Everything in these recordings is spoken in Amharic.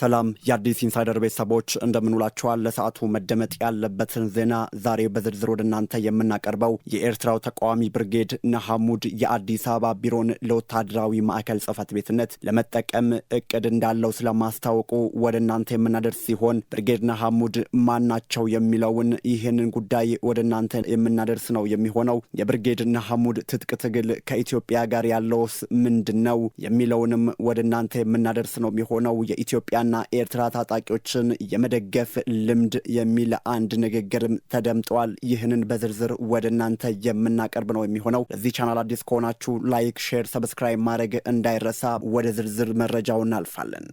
ሰላም የአዲስ ኢንሳይደር ቤተሰቦች እንደምንውላቸዋል። ለሰዓቱ መደመጥ ያለበትን ዜና ዛሬ በዝርዝር ወደ እናንተ የምናቀርበው የኤርትራው ተቃዋሚ ብርጌድ ነሐሙድ የአዲስ አበባ ቢሮን ለወታደራዊ ማዕከል ጽህፈት ቤትነት ለመጠቀም እቅድ እንዳለው ስለማስታወቁ ወደ እናንተ የምናደርስ ሲሆን ብርጌድ ነሐሙድ ማን ናቸው የሚለውን ይህንን ጉዳይ ወደ እናንተ የምናደርስ ነው የሚሆነው። የብርጌድ ነሐሙድ ትጥቅ ትግል ከኢትዮጵያ ጋር ያለውስ ምንድን ነው የሚለውንም ወደ እናንተ የምናደርስ ነው የሚሆነው የኢትዮጵያ ኢትዮጵያና ኤርትራ ታጣቂዎችን የመደገፍ ልምድ የሚል አንድ ንግግርም ተደምጠዋል። ይህንን በዝርዝር ወደ እናንተ የምናቀርብ ነው የሚሆነው። ለዚህ ቻናል አዲስ ከሆናችሁ ላይክ፣ ሼር፣ ሰብስክራይብ ማድረግ እንዳይረሳ። ወደ ዝርዝር መረጃው እናልፋለን።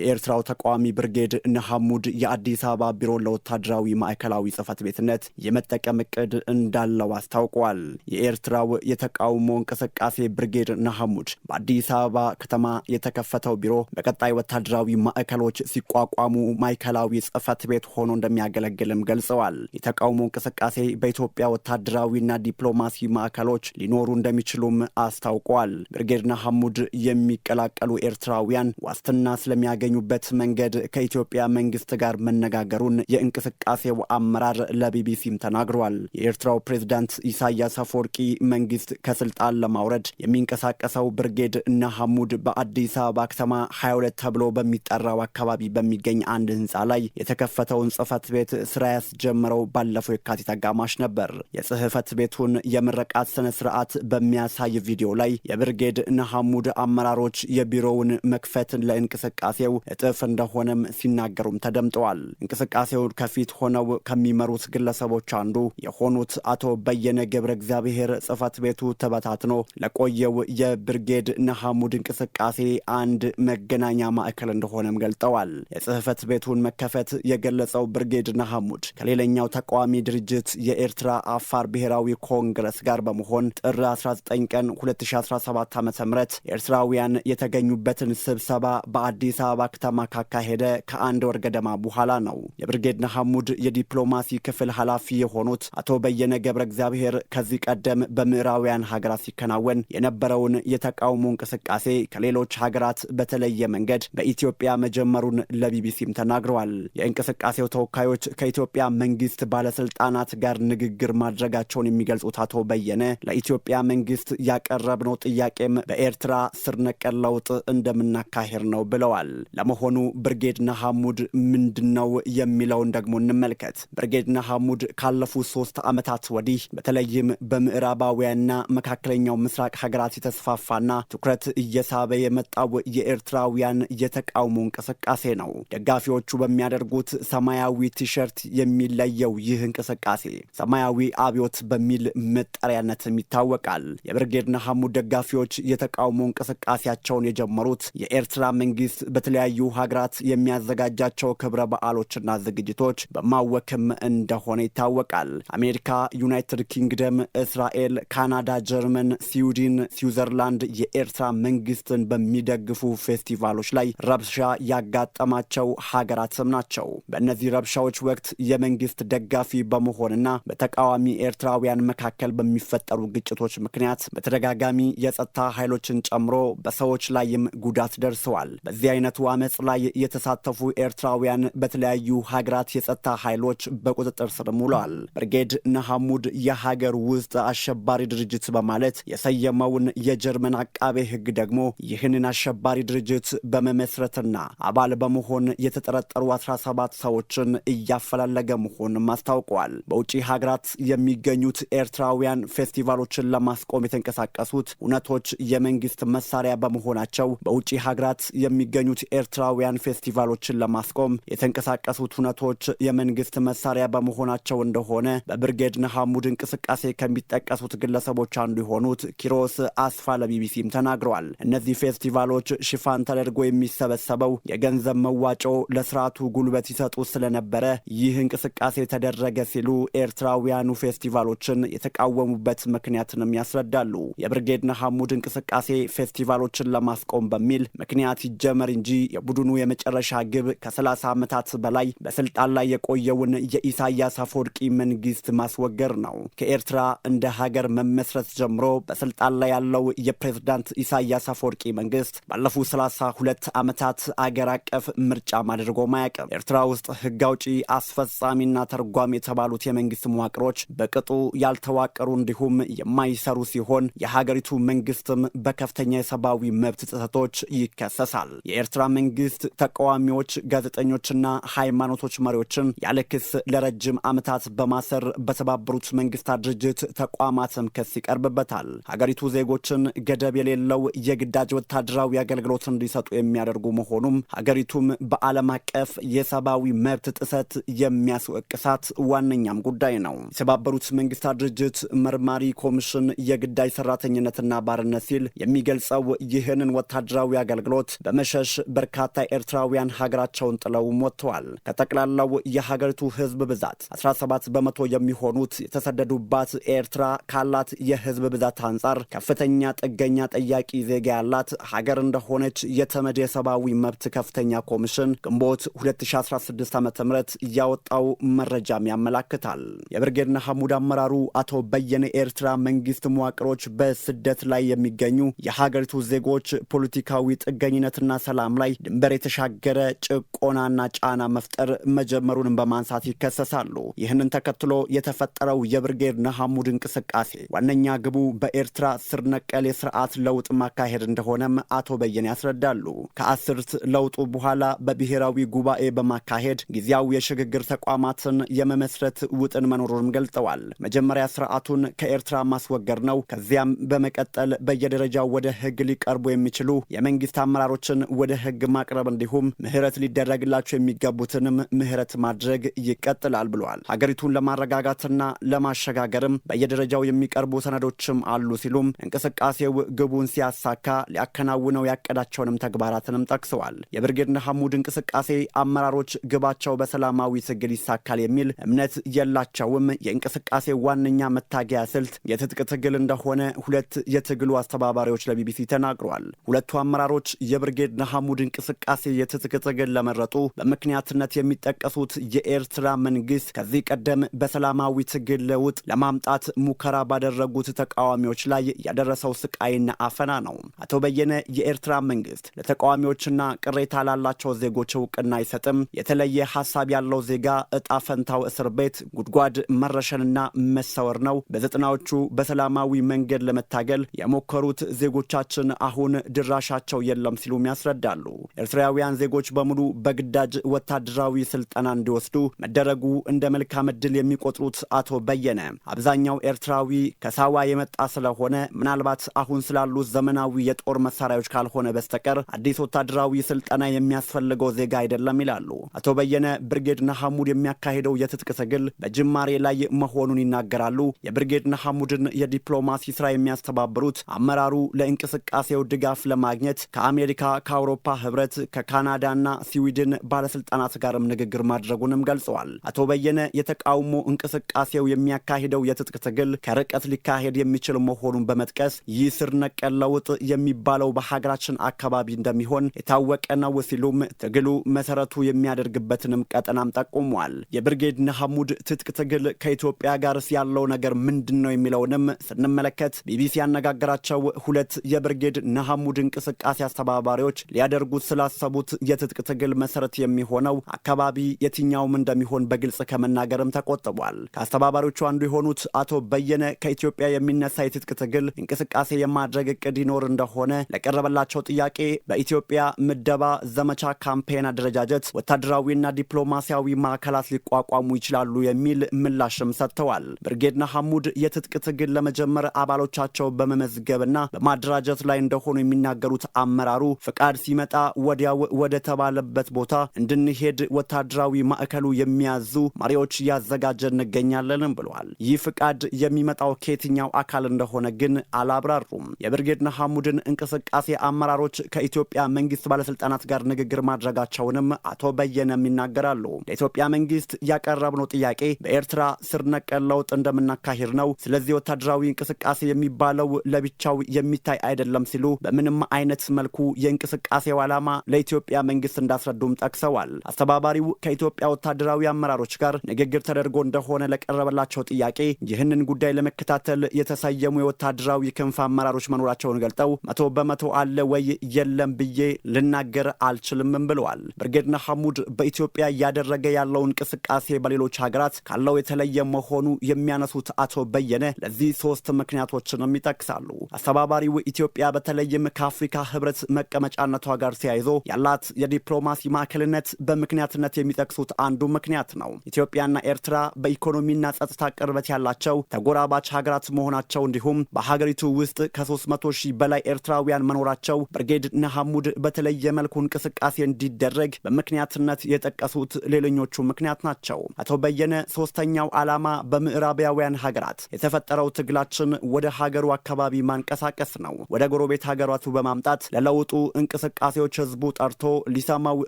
የኤርትራው ተቃዋሚ ብርጌድ ነሐሙድ የአዲስ አበባ ቢሮ ለወታደራዊ ማዕከላዊ ጽህፈት ቤትነት የመጠቀም እቅድ እንዳለው አስታውቋል። የኤርትራው የተቃውሞ እንቅስቃሴ ብርጌድ ነሐሙድ በአዲስ አበባ ከተማ የተከፈተው ቢሮ በቀጣይ ወታደራዊ ማዕከሎች ሲቋቋሙ ማዕከላዊ ጽህፈት ቤት ሆኖ እንደሚያገለግልም ገልጸዋል። የተቃውሞ እንቅስቃሴ በኢትዮጵያ ወታደራዊና ዲፕሎማሲ ማዕከሎች ሊኖሩ እንደሚችሉም አስታውቋል። ብርጌድ ነሐሙድ የሚቀላቀሉ ኤርትራውያን ዋስትና ስለሚያገ የሚያገኙበት መንገድ ከኢትዮጵያ መንግስት ጋር መነጋገሩን የእንቅስቃሴው አመራር ለቢቢሲም ተናግሯል። የኤርትራው ፕሬዝዳንት ኢሳያስ አፈወርቂ መንግስት ከስልጣን ለማውረድ የሚንቀሳቀሰው ብርጌድ ነሐሙድ በአዲስ አበባ ከተማ 22 ተብሎ በሚጠራው አካባቢ በሚገኝ አንድ ህንፃ ላይ የተከፈተውን ጽህፈት ቤት ስራ ያስጀምረው ባለፈው የካቲት አጋማሽ ነበር። የጽህፈት ቤቱን የምረቃት ስነ ስርዓት በሚያሳይ ቪዲዮ ላይ የብርጌድ ነሐሙድ አመራሮች የቢሮውን መክፈት ለእንቅስቃሴው እንቅስቃሴው እጥፍ እንደሆነም ሲናገሩም ተደምጠዋል። እንቅስቃሴውን ከፊት ሆነው ከሚመሩት ግለሰቦች አንዱ የሆኑት አቶ በየነ ገብረ እግዚአብሔር ጽህፈት ቤቱ ተበታትኖ ለቆየው የብርጌድ ነሐሙድ እንቅስቃሴ አንድ መገናኛ ማዕከል እንደሆነም ገልጠዋል። የጽህፈት ቤቱን መከፈት የገለጸው ብርጌድ ነሐሙድ ከሌላኛው ተቃዋሚ ድርጅት የኤርትራ አፋር ብሔራዊ ኮንግረስ ጋር በመሆን ጥር 19 ቀን 2017 ዓ ም ኤርትራውያን የተገኙበትን ስብሰባ በአዲስ አበባ አበባ ከተማ ካካሄደ ከአንድ ወር ገደማ በኋላ ነው። የብርጌድ ነሐሙድ የዲፕሎማሲ ክፍል ኃላፊ የሆኑት አቶ በየነ ገብረ እግዚአብሔር ከዚህ ቀደም በምዕራውያን ሀገራት ሲከናወን የነበረውን የተቃውሞ እንቅስቃሴ ከሌሎች ሀገራት በተለየ መንገድ በኢትዮጵያ መጀመሩን ለቢቢሲም ተናግረዋል። የእንቅስቃሴው ተወካዮች ከኢትዮጵያ መንግስት ባለስልጣናት ጋር ንግግር ማድረጋቸውን የሚገልጹት አቶ በየነ ለኢትዮጵያ መንግስት ያቀረብነው ጥያቄም በኤርትራ ስር ነቀል ለውጥ እንደምናካሄድ ነው ብለዋል። ለመሆኑ ብርጌድና ሐሙድ ምንድን ነው የሚለውን ደግሞ እንመልከት። ብርጌድና ሐሙድ ካለፉት ሶስት ዓመታት ወዲህ በተለይም በምዕራባውያንና መካከለኛው ምስራቅ ሀገራት የተስፋፋና ትኩረት እየሳበ የመጣው የኤርትራውያን የተቃውሞ እንቅስቃሴ ነው። ደጋፊዎቹ በሚያደርጉት ሰማያዊ ቲሸርት የሚለየው ይህ እንቅስቃሴ ሰማያዊ አብዮት በሚል መጠሪያነትም ይታወቃል። የብርጌድና ሐሙድ ደጋፊዎች የተቃውሞ እንቅስቃሴያቸውን የጀመሩት የኤርትራ መንግስት በተለያ በተለያዩ ሀገራት የሚያዘጋጃቸው ክብረ በዓሎችና ዝግጅቶች በማወክም እንደሆነ ይታወቃል። አሜሪካ፣ ዩናይትድ ኪንግደም፣ እስራኤል፣ ካናዳ፣ ጀርመን፣ ስዊድን፣ ስዊዘርላንድ የኤርትራ መንግስትን በሚደግፉ ፌስቲቫሎች ላይ ረብሻ ያጋጠማቸው ሀገራትም ናቸው። በእነዚህ ረብሻዎች ወቅት የመንግስት ደጋፊ በመሆንና በተቃዋሚ ኤርትራውያን መካከል በሚፈጠሩ ግጭቶች ምክንያት በተደጋጋሚ የጸጥታ ኃይሎችን ጨምሮ በሰዎች ላይም ጉዳት ደርሰዋል። በዚህ አይነቱ አመፅ ላይ የተሳተፉ ኤርትራውያን በተለያዩ ሀገራት የጸጥታ ኃይሎች በቁጥጥር ስር ውለዋል። ብርጌድ ነሐሙድ የሀገር ውስጥ አሸባሪ ድርጅት በማለት የሰየመውን የጀርመን አቃቤ ሕግ ደግሞ ይህንን አሸባሪ ድርጅት በመመስረትና አባል በመሆን የተጠረጠሩ 17 ሰዎችን እያፈላለገ መሆንም አስታውቋል። በውጭ ሀገራት የሚገኙት ኤርትራውያን ፌስቲቫሎችን ለማስቆም የተንቀሳቀሱት እውነቶች የመንግስት መሳሪያ በመሆናቸው በውጭ ሀገራት የሚገኙት የኤርትራውያን ፌስቲቫሎችን ለማስቆም የተንቀሳቀሱት ሁነቶች የመንግስት መሳሪያ በመሆናቸው እንደሆነ በብርጌድ ነሐሙድ እንቅስቃሴ ከሚጠቀሱት ግለሰቦች አንዱ የሆኑት ኪሮስ አስፋ ለቢቢሲም ተናግረዋል። እነዚህ ፌስቲቫሎች ሽፋን ተደርጎ የሚሰበሰበው የገንዘብ መዋጮ ለስርዓቱ ጉልበት ይሰጡ ስለነበረ ይህ እንቅስቃሴ ተደረገ ሲሉ ኤርትራውያኑ ፌስቲቫሎችን የተቃወሙበት ምክንያትንም ያስረዳሉ። የብርጌድ ነሐሙድ እንቅስቃሴ ፌስቲቫሎችን ለማስቆም በሚል ምክንያት ይጀመር እንጂ የቡድኑ የመጨረሻ ግብ ከ30 ዓመታት በላይ በስልጣን ላይ የቆየውን የኢሳያስ አፈወርቂ መንግስት ማስወገድ ነው። ከኤርትራ እንደ ሀገር መመስረት ጀምሮ በስልጣን ላይ ያለው የፕሬዝዳንት ኢሳያስ አፈወርቂ መንግስት ባለፉት 32 ዓመታት አገር አቀፍ ምርጫም አድርጎ አያውቅም። ኤርትራ ውስጥ ህግ አውጪ፣ አስፈጻሚና ተርጓሚ የተባሉት የመንግስት መዋቅሮች በቅጡ ያልተዋቀሩ እንዲሁም የማይሰሩ ሲሆን የሀገሪቱ መንግስትም በከፍተኛ የሰብአዊ መብት ጥሰቶች ይከሰሳል። የኤርትራ መንግስት ተቃዋሚዎች፣ ጋዜጠኞችና ሃይማኖቶች መሪዎችን ያለ ክስ ለረጅም ዓመታት በማሰር በተባበሩት መንግስታት ድርጅት ተቋማትም ክስ ይቀርብበታል። ሀገሪቱ ዜጎችን ገደብ የሌለው የግዳጅ ወታደራዊ አገልግሎት እንዲሰጡ የሚያደርጉ መሆኑም ሀገሪቱም በዓለም አቀፍ የሰብአዊ መብት ጥሰት የሚያስወቅሳት ዋነኛም ጉዳይ ነው። የተባበሩት መንግስታት ድርጅት መርማሪ ኮሚሽን የግዳጅ ሰራተኝነትና ባርነት ሲል የሚገልጸው ይህንን ወታደራዊ አገልግሎት በመሸሽ በርካታ ኤርትራውያን ሀገራቸውን ጥለው ሞተዋል። ከጠቅላላው የሀገሪቱ ህዝብ ብዛት 17 በመቶ የሚሆኑት የተሰደዱባት ኤርትራ ካላት የህዝብ ብዛት አንጻር ከፍተኛ ጥገኛ ጠያቂ ዜጋ ያላት ሀገር እንደሆነች የተመድ የሰብአዊ መብት ከፍተኛ ኮሚሽን ግንቦት 2016 ዓ ም ያወጣው መረጃም ያመላክታል። የብርጌድና ሐሙድ አመራሩ አቶ በየነ ኤርትራ መንግስት መዋቅሮች በስደት ላይ የሚገኙ የሀገሪቱ ዜጎች ፖለቲካዊ ጥገኝነትና ሰላም ላይ ላይ ድንበር የተሻገረ ጭቆናና ጫና መፍጠር መጀመሩንም በማንሳት ይከሰሳሉ። ይህንን ተከትሎ የተፈጠረው የብርጌድ ነሐሙድ እንቅስቃሴ ዋነኛ ግቡ በኤርትራ ስር ነቀል የስርዓት ለውጥ ማካሄድ እንደሆነም አቶ በየነ ያስረዳሉ። ከአስርት ለውጡ በኋላ በብሔራዊ ጉባኤ በማካሄድ ጊዜያዊ የሽግግር ተቋማትን የመመስረት ውጥን መኖሩንም ገልጸዋል። መጀመሪያ ስርዓቱን ከኤርትራ ማስወገድ ነው። ከዚያም በመቀጠል በየደረጃው ወደ ህግ ሊቀርቡ የሚችሉ የመንግስት አመራሮችን ወደ ህግ ሕግ ማቅረብ እንዲሁም ምህረት ሊደረግላቸው የሚገቡትንም ምህረት ማድረግ ይቀጥላል ብለዋል። ሀገሪቱን ለማረጋጋትና ለማሸጋገርም በየደረጃው የሚቀርቡ ሰነዶችም አሉ ሲሉም እንቅስቃሴው ግቡን ሲያሳካ ሊያከናውነው ያቀዳቸውንም ተግባራትንም ጠቅሰዋል። የብርጌድ ሐሙድ እንቅስቃሴ አመራሮች ግባቸው በሰላማዊ ትግል ይሳካል የሚል እምነት የላቸውም። የእንቅስቃሴ ዋነኛ መታገያ ስልት የትጥቅ ትግል እንደሆነ ሁለት የትግሉ አስተባባሪዎች ለቢቢሲ ተናግሯል። ሁለቱ አመራሮች የብርጌድ ሐሙድ እንቅስቃሴ የትጥቅ ትግል ለመረጡ በምክንያትነት የሚጠቀሱት የኤርትራ መንግስት ከዚህ ቀደም በሰላማዊ ትግል ለውጥ ለማምጣት ሙከራ ባደረጉት ተቃዋሚዎች ላይ ያደረሰው ስቃይና አፈና ነው። አቶ በየነ የኤርትራ መንግስት ለተቃዋሚዎችና ቅሬታ ላላቸው ዜጎች እውቅና አይሰጥም፣ የተለየ ሀሳብ ያለው ዜጋ እጣ ፈንታው እስር ቤት፣ ጉድጓድ፣ መረሸንና መሰወር ነው። በዘጠናዎቹ በሰላማዊ መንገድ ለመታገል የሞከሩት ዜጎቻችን አሁን ድራሻቸው የለም ሲሉም ያስረዳሉ። ኤርትራውያን ዜጎች በሙሉ በግዳጅ ወታደራዊ ስልጠና እንዲወስዱ መደረጉ እንደ መልካም እድል የሚቆጥሩት አቶ በየነ አብዛኛው ኤርትራዊ ከሳዋ የመጣ ስለሆነ ምናልባት አሁን ስላሉት ዘመናዊ የጦር መሳሪያዎች ካልሆነ በስተቀር አዲስ ወታደራዊ ስልጠና የሚያስፈልገው ዜጋ አይደለም ይላሉ። አቶ በየነ ብርጌድ ነሐሙድ የሚያካሂደው የትጥቅ ትግል በጅማሬ ላይ መሆኑን ይናገራሉ። የብርጌድ ነሐሙድን የዲፕሎማሲ ስራ የሚያስተባብሩት አመራሩ ለእንቅስቃሴው ድጋፍ ለማግኘት ከአሜሪካ ከአውሮፓ ህብረት ከካናዳና ስዊድን ባለስልጣናት ጋርም ንግግር ማድረጉንም ገልጸዋል። አቶ በየነ የተቃውሞ እንቅስቃሴው የሚያካሂደው የትጥቅ ትግል ከርቀት ሊካሄድ የሚችል መሆኑን በመጥቀስ ይህ ስር ነቀል ለውጥ የሚባለው በሀገራችን አካባቢ እንደሚሆን የታወቀ ነው ሲሉም ትግሉ መሰረቱ የሚያደርግበትንም ቀጠናም ጠቁሟል። የብርጌድ ነሐሙድ ትጥቅ ትግል ከኢትዮጵያ ጋር ያለው ነገር ምንድን ነው የሚለውንም ስንመለከት ቢቢሲ ያነጋገራቸው ሁለት የብርጌድ ነሐሙድ እንቅስቃሴ አስተባባሪዎች ሊያደርጉት ስላሰቡት የትጥቅ ትግል መሰረት የሚሆነው አካባቢ የትኛውም እንደሚሆን በግልጽ ከመናገርም ተቆጥቧል። ከአስተባባሪዎቹ አንዱ የሆኑት አቶ በየነ ከኢትዮጵያ የሚነሳ የትጥቅ ትግል እንቅስቃሴ የማድረግ እቅድ ይኖር እንደሆነ ለቀረበላቸው ጥያቄ በኢትዮጵያ ምደባ፣ ዘመቻ፣ ካምፔን አደረጃጀት ወታደራዊና ዲፕሎማሲያዊ ማዕከላት ሊቋቋሙ ይችላሉ የሚል ምላሽም ሰጥተዋል። ብርጌድና ሐሙድ የትጥቅ ትግል ለመጀመር አባሎቻቸው በመመዝገብና በማደራጀት ላይ እንደሆኑ የሚናገሩት አመራሩ ፍቃድ ሲመጣ ወዲያው ወደ ተባለበት ቦታ እንድንሄድ ወታደራዊ ማዕከሉ የሚያዙ መሪዎች እያዘጋጀ እንገኛለንም ብለዋል። ይህ ፍቃድ የሚመጣው ከየትኛው አካል እንደሆነ ግን አላብራሩም። የብርጌድ ነሐሙድን እንቅስቃሴ አመራሮች ከኢትዮጵያ መንግስት ባለስልጣናት ጋር ንግግር ማድረጋቸውንም አቶ በየነም ይናገራሉ። ለኢትዮጵያ መንግስት ያቀረብነው ጥያቄ በኤርትራ ስር ነቀል ለውጥ እንደምናካሂድ ነው። ስለዚህ ወታደራዊ እንቅስቃሴ የሚባለው ለብቻው የሚታይ አይደለም ሲሉ በምንም አይነት መልኩ የእንቅስቃሴ ዋላ ዓላማ ለኢትዮጵያ መንግስት እንዳስረዱም ጠቅሰዋል። አስተባባሪው ከኢትዮጵያ ወታደራዊ አመራሮች ጋር ንግግር ተደርጎ እንደሆነ ለቀረበላቸው ጥያቄ ይህንን ጉዳይ ለመከታተል የተሰየሙ የወታደራዊ ክንፍ አመራሮች መኖራቸውን ገልጠው መቶ በመቶ አለ ወይ የለም ብዬ ልናገር አልችልምም ብለዋል። ብርጌድና ሐሙድ በኢትዮጵያ እያደረገ ያለው እንቅስቃሴ በሌሎች ሀገራት ካለው የተለየ መሆኑ የሚያነሱት አቶ በየነ ለዚህ ሶስት ምክንያቶችንም ይጠቅሳሉ። አስተባባሪው ኢትዮጵያ በተለይም ከአፍሪካ ህብረት መቀመጫነቷ ጋር አስተያይዞ ያላት የዲፕሎማሲ ማዕከልነት በምክንያትነት የሚጠቅሱት አንዱ ምክንያት ነው። ኢትዮጵያና ኤርትራ በኢኮኖሚና ጸጥታ ቅርበት ያላቸው ተጎራባች ሀገራት መሆናቸው እንዲሁም በሀገሪቱ ውስጥ ከ300 ሺህ በላይ ኤርትራውያን መኖራቸው ብርጌድ ነሐሙድ በተለየ መልኩ እንቅስቃሴ እንዲደረግ በምክንያትነት የጠቀሱት ሌሎኞቹ ምክንያት ናቸው። አቶ በየነ ሶስተኛው ዓላማ በምዕራባውያን ሀገራት የተፈጠረው ትግላችን ወደ ሀገሩ አካባቢ ማንቀሳቀስ ነው። ወደ ጎረቤት ሀገራቱ በማምጣት ለለውጡ እንቅስቃሴዎች ችግሮች ህዝቡ ጠርቶ ሊሰማው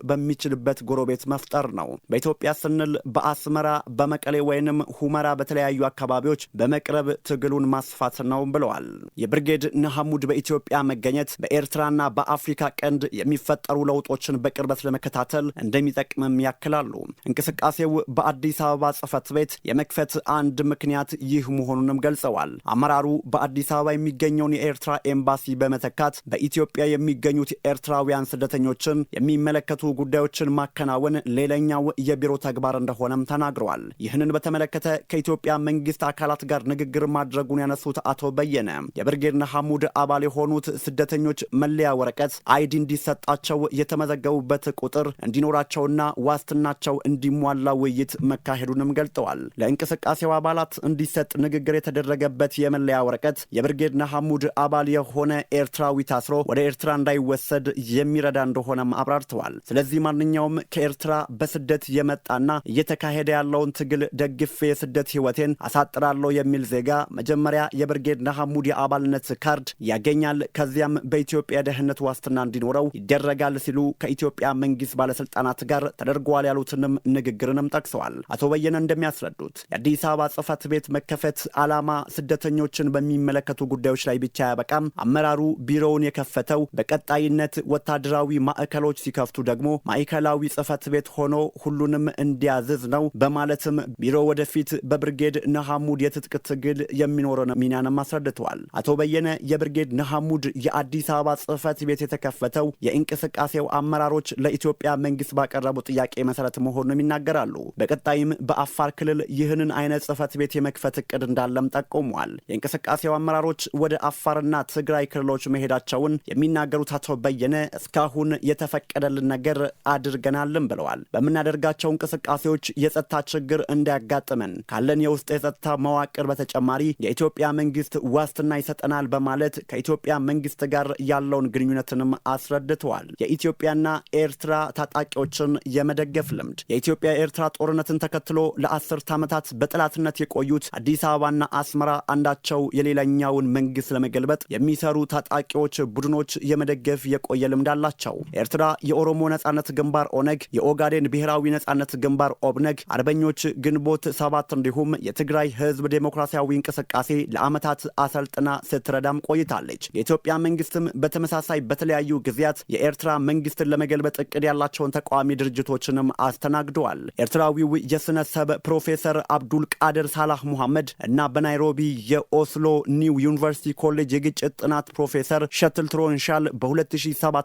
በሚችልበት ጎረቤት መፍጠር ነው። በኢትዮጵያ ስንል በአስመራ በመቀሌ ወይንም ሁመራ በተለያዩ አካባቢዎች በመቅረብ ትግሉን ማስፋት ነው ብለዋል። የብርጌድ ንሓመድ በኢትዮጵያ መገኘት በኤርትራና በአፍሪካ ቀንድ የሚፈጠሩ ለውጦችን በቅርበት ለመከታተል እንደሚጠቅምም ያክላሉ። እንቅስቃሴው በአዲስ አበባ ጽህፈት ቤት የመክፈት አንድ ምክንያት ይህ መሆኑንም ገልጸዋል። አመራሩ በአዲስ አበባ የሚገኘውን የኤርትራ ኤምባሲ በመተካት በኢትዮጵያ የሚገኙት ኤርትራውያን ስደተኞችም የሚመለከቱ ጉዳዮችን ማከናወን ሌላኛው የቢሮ ተግባር እንደሆነም ተናግረዋል። ይህንን በተመለከተ ከኢትዮጵያ መንግስት አካላት ጋር ንግግር ማድረጉን ያነሱት አቶ በየነ የብርጌድና ሐሙድ አባል የሆኑት ስደተኞች መለያ ወረቀት አይዲ እንዲሰጣቸው የተመዘገቡበት ቁጥር እንዲኖራቸውና ዋስትናቸው እንዲሟላ ውይይት መካሄዱንም ገልጠዋል። ለእንቅስቃሴው አባላት እንዲሰጥ ንግግር የተደረገበት የመለያ ወረቀት የብርጌድና ሐሙድ አባል የሆነ ኤርትራዊ ታስሮ ወደ ኤርትራ እንዳይወሰድ የሚ የሚረዳ እንደሆነም አብራርተዋል። ስለዚህ ማንኛውም ከኤርትራ በስደት የመጣና እየተካሄደ ያለውን ትግል ደግፌ የስደት ህይወቴን አሳጥራለሁ የሚል ዜጋ መጀመሪያ የብርጌድ ሐሙድ የአባልነት ካርድ ያገኛል። ከዚያም በኢትዮጵያ ደህንነት ዋስትና እንዲኖረው ይደረጋል ሲሉ ከኢትዮጵያ መንግስት ባለስልጣናት ጋር ተደርገዋል ያሉትንም ንግግርንም ጠቅሰዋል። አቶ በየነ እንደሚያስረዱት የአዲስ አበባ ጽህፈት ቤት መከፈት ዓላማ ስደተኞችን በሚመለከቱ ጉዳዮች ላይ ብቻ አያበቃም። አመራሩ ቢሮውን የከፈተው በቀጣይነት ወታደራ ወታደራዊ ማዕከሎች ሲከፍቱ ደግሞ ማዕከላዊ ጽህፈት ቤት ሆኖ ሁሉንም እንዲያዝዝ ነው በማለትም ቢሮ ወደፊት በብርጌድ ነሐሙድ የትጥቅ ትግል የሚኖረን ሚናንም አስረድተዋል። አቶ በየነ የብርጌድ ነሐሙድ የአዲስ አበባ ጽህፈት ቤት የተከፈተው የእንቅስቃሴው አመራሮች ለኢትዮጵያ መንግስት ባቀረቡ ጥያቄ መሰረት መሆኑንም ይናገራሉ። በቀጣይም በአፋር ክልል ይህንን አይነት ጽህፈት ቤት የመክፈት እቅድ እንዳለም ጠቁሟል። የእንቅስቃሴው አመራሮች ወደ አፋርና ትግራይ ክልሎች መሄዳቸውን የሚናገሩት አቶ በየነ እስካ እስካሁን የተፈቀደልን ነገር አድርገናልን ብለዋል። በምናደርጋቸው እንቅስቃሴዎች የጸጥታ ችግር እንዳያጋጥመን ካለን የውስጥ የጸጥታ መዋቅር በተጨማሪ የኢትዮጵያ መንግስት ዋስትና ይሰጠናል በማለት ከኢትዮጵያ መንግስት ጋር ያለውን ግንኙነትንም አስረድተዋል። የኢትዮጵያና ኤርትራ ታጣቂዎችን የመደገፍ ልምድ የኢትዮጵያ ኤርትራ ጦርነትን ተከትሎ ለአስርት ዓመታት በጠላትነት የቆዩት አዲስ አበባና አስመራ አንዳቸው የሌላኛውን መንግስት ለመገልበጥ የሚሰሩ ታጣቂዎች ቡድኖች የመደገፍ የቆየ ልምድ አለ። አላቸው። ኤርትራ የኦሮሞ ነጻነት ግንባር ኦነግ፣ የኦጋዴን ብሔራዊ ነጻነት ግንባር ኦብነግ፣ አርበኞች ግንቦት ሰባት እንዲሁም የትግራይ ህዝብ ዴሞክራሲያዊ እንቅስቃሴ ለዓመታት አሰልጥና ስትረዳም ቆይታለች። የኢትዮጵያ መንግስትም በተመሳሳይ በተለያዩ ጊዜያት የኤርትራ መንግስትን ለመገልበጥ እቅድ ያላቸውን ተቃዋሚ ድርጅቶችንም አስተናግደዋል። ኤርትራዊው የስነሰብ ፕሮፌሰር አብዱል ቃድር ሳላህ ሙሐመድ እና በናይሮቢ የኦስሎ ኒው ዩኒቨርሲቲ ኮሌጅ የግጭት ጥናት ፕሮፌሰር ሸትልትሮንሻል በ2007 ዓ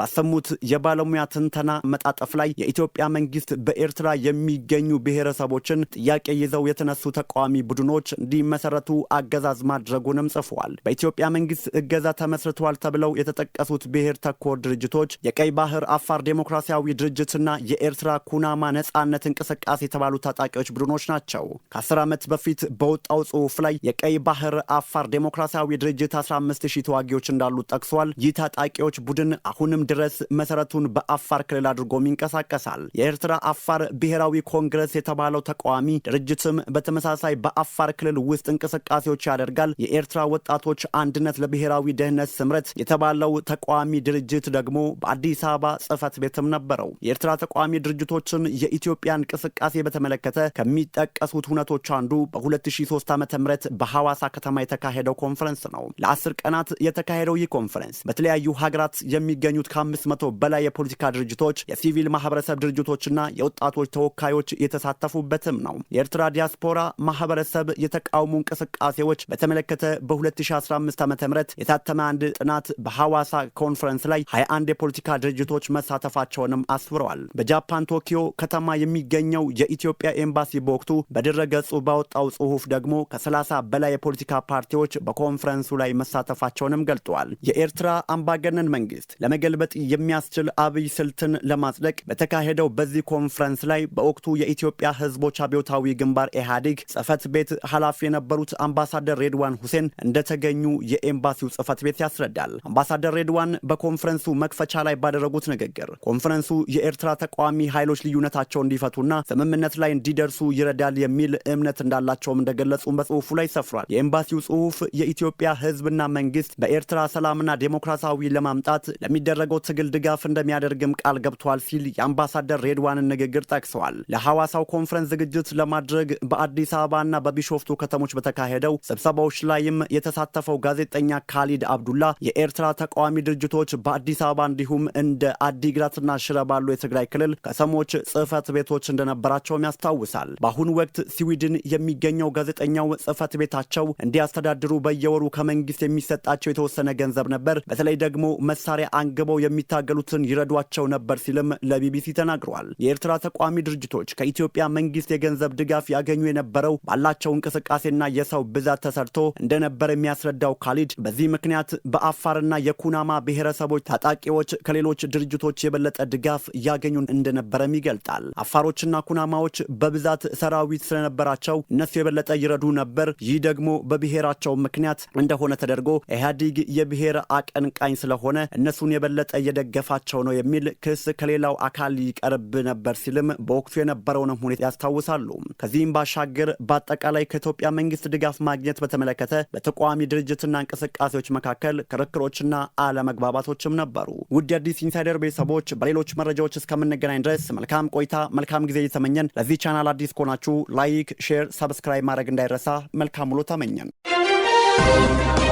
ባሰሙት የባለሙያ ትንተና መጣጠፍ ላይ የኢትዮጵያ መንግስት በኤርትራ የሚገኙ ብሔረሰቦችን ጥያቄ ይዘው የተነሱ ተቃዋሚ ቡድኖች እንዲመሰረቱ አገዛዝ ማድረጉንም ጽፏል። በኢትዮጵያ መንግስት እገዛ ተመስርተዋል ተብለው የተጠቀሱት ብሔር ተኮር ድርጅቶች የቀይ ባህር አፋር ዴሞክራሲያዊ ድርጅትና የኤርትራ ኩናማ ነጻነት እንቅስቃሴ የተባሉ ታጣቂዎች ቡድኖች ናቸው። ከአስር ዓመት በፊት በወጣው ጽሑፍ ላይ የቀይ ባህር አፋር ዴሞክራሲያዊ ድርጅት 15 ሺህ ተዋጊዎች እንዳሉት ጠቅሷል። ይህ ታጣቂዎች ቡድን አሁንም ድረስ መሰረቱን በአፋር ክልል አድርጎም ይንቀሳቀሳል። የኤርትራ አፋር ብሔራዊ ኮንግረስ የተባለው ተቃዋሚ ድርጅትም በተመሳሳይ በአፋር ክልል ውስጥ እንቅስቃሴዎች ያደርጋል። የኤርትራ ወጣቶች አንድነት ለብሔራዊ ደህንነት ስምረት የተባለው ተቃዋሚ ድርጅት ደግሞ በአዲስ አበባ ጽህፈት ቤትም ነበረው። የኤርትራ ተቃዋሚ ድርጅቶችን የኢትዮጵያ እንቅስቃሴ በተመለከተ ከሚጠቀሱት ሁነቶች አንዱ በ2003 ዓ ም በሐዋሳ ከተማ የተካሄደው ኮንፈረንስ ነው። ለአስር ቀናት የተካሄደው ይህ ኮንፈረንስ በተለያዩ ሀገራት የሚ ከሚገኙት ከአምስት መቶ በላይ የፖለቲካ ድርጅቶች፣ የሲቪል ማህበረሰብ ድርጅቶችና የወጣቶች ተወካዮች የተሳተፉበትም ነው። የኤርትራ ዲያስፖራ ማህበረሰብ የተቃውሞ እንቅስቃሴዎች በተመለከተ በ2015 ዓ ም የታተመ አንድ ጥናት በሐዋሳ ኮንፈረንስ ላይ 21 የፖለቲካ ድርጅቶች መሳተፋቸውንም አስፍረዋል። በጃፓን ቶኪዮ ከተማ የሚገኘው የኢትዮጵያ ኤምባሲ በወቅቱ በድረገጹ ባወጣው ጽሑፍ ደግሞ ከ30 በላይ የፖለቲካ ፓርቲዎች በኮንፈረንሱ ላይ መሳተፋቸውንም ገልጠዋል። የኤርትራ አምባገነን መንግስት ለመገልበጥ የሚያስችል አብይ ስልትን ለማጽደቅ በተካሄደው በዚህ ኮንፈረንስ ላይ በወቅቱ የኢትዮጵያ ህዝቦች አብዮታዊ ግንባር ኢህአዴግ ጽህፈት ቤት ኃላፊ የነበሩት አምባሳደር ሬድዋን ሁሴን እንደተገኙ የኤምባሲው ጽህፈት ቤት ያስረዳል። አምባሳደር ሬድዋን በኮንፈረንሱ መክፈቻ ላይ ባደረጉት ንግግር ኮንፈረንሱ የኤርትራ ተቃዋሚ ኃይሎች ልዩነታቸው እንዲፈቱና ስምምነት ላይ እንዲደርሱ ይረዳል የሚል እምነት እንዳላቸውም እንደገለጹ በጽሁፉ ላይ ሰፍሯል። የኤምባሲው ጽሁፍ የኢትዮጵያ ህዝብና መንግስት በኤርትራ ሰላምና ዴሞክራሲያዊ ለማምጣት ለሚ ለሚደረገው ትግል ድጋፍ እንደሚያደርግም ቃል ገብቷል ሲል የአምባሳደር ሬድዋንን ንግግር ጠቅሰዋል። ለሐዋሳው ኮንፈረንስ ዝግጅት ለማድረግ በአዲስ አበባና በቢሾፍቱ ከተሞች በተካሄደው ስብሰባዎች ላይም የተሳተፈው ጋዜጠኛ ካሊድ አብዱላ የኤርትራ ተቃዋሚ ድርጅቶች በአዲስ አበባ እንዲሁም እንደ አዲግራትና ሽረ ባሉ የትግራይ ክልል ከተሞች ጽህፈት ቤቶች እንደነበራቸውም ያስታውሳል። በአሁኑ ወቅት ስዊድን የሚገኘው ጋዜጠኛው ጽህፈት ቤታቸው እንዲያስተዳድሩ በየወሩ ከመንግስት የሚሰጣቸው የተወሰነ ገንዘብ ነበር። በተለይ ደግሞ መሳሪያ አንግበው የሚታገሉትን ይረዷቸው ነበር ሲልም ለቢቢሲ ተናግረዋል። የኤርትራ ተቋሚ ድርጅቶች ከኢትዮጵያ መንግስት የገንዘብ ድጋፍ ያገኙ የነበረው ባላቸው እንቅስቃሴና የሰው ብዛት ተሰርቶ እንደነበር የሚያስረዳው ካሊድ በዚህ ምክንያት በአፋርና የኩናማ ብሔረሰቦች ታጣቂዎች ከሌሎች ድርጅቶች የበለጠ ድጋፍ እያገኙ እንደነበረም ይገልጣል። አፋሮችና ኩናማዎች በብዛት ሰራዊት ስለነበራቸው እነሱ የበለጠ ይረዱ ነበር። ይህ ደግሞ በብሔራቸው ምክንያት እንደሆነ ተደርጎ ኢህአዲግ የብሔር አቀንቃኝ ስለሆነ እነሱን የበለጠ እየደገፋቸው ነው የሚል ክስ ከሌላው አካል ይቀርብ ነበር ሲልም በወቅቱ የነበረውንም ሁኔታ ያስታውሳሉ። ከዚህም ባሻገር በአጠቃላይ ከኢትዮጵያ መንግስት ድጋፍ ማግኘት በተመለከተ በተቃዋሚ ድርጅትና እንቅስቃሴዎች መካከል ክርክሮችና አለመግባባቶችም ነበሩ። ውድ አዲስ ኢንሳይደር ቤተሰቦች በሌሎች መረጃዎች እስከምንገናኝ ድረስ መልካም ቆይታ፣ መልካም ጊዜ እየተመኘን ለዚህ ቻናል አዲስ ከሆናችሁ ላይክ፣ ሼር፣ ሰብስክራይብ ማድረግ እንዳይረሳ መልካም ውሎ ተመኘን።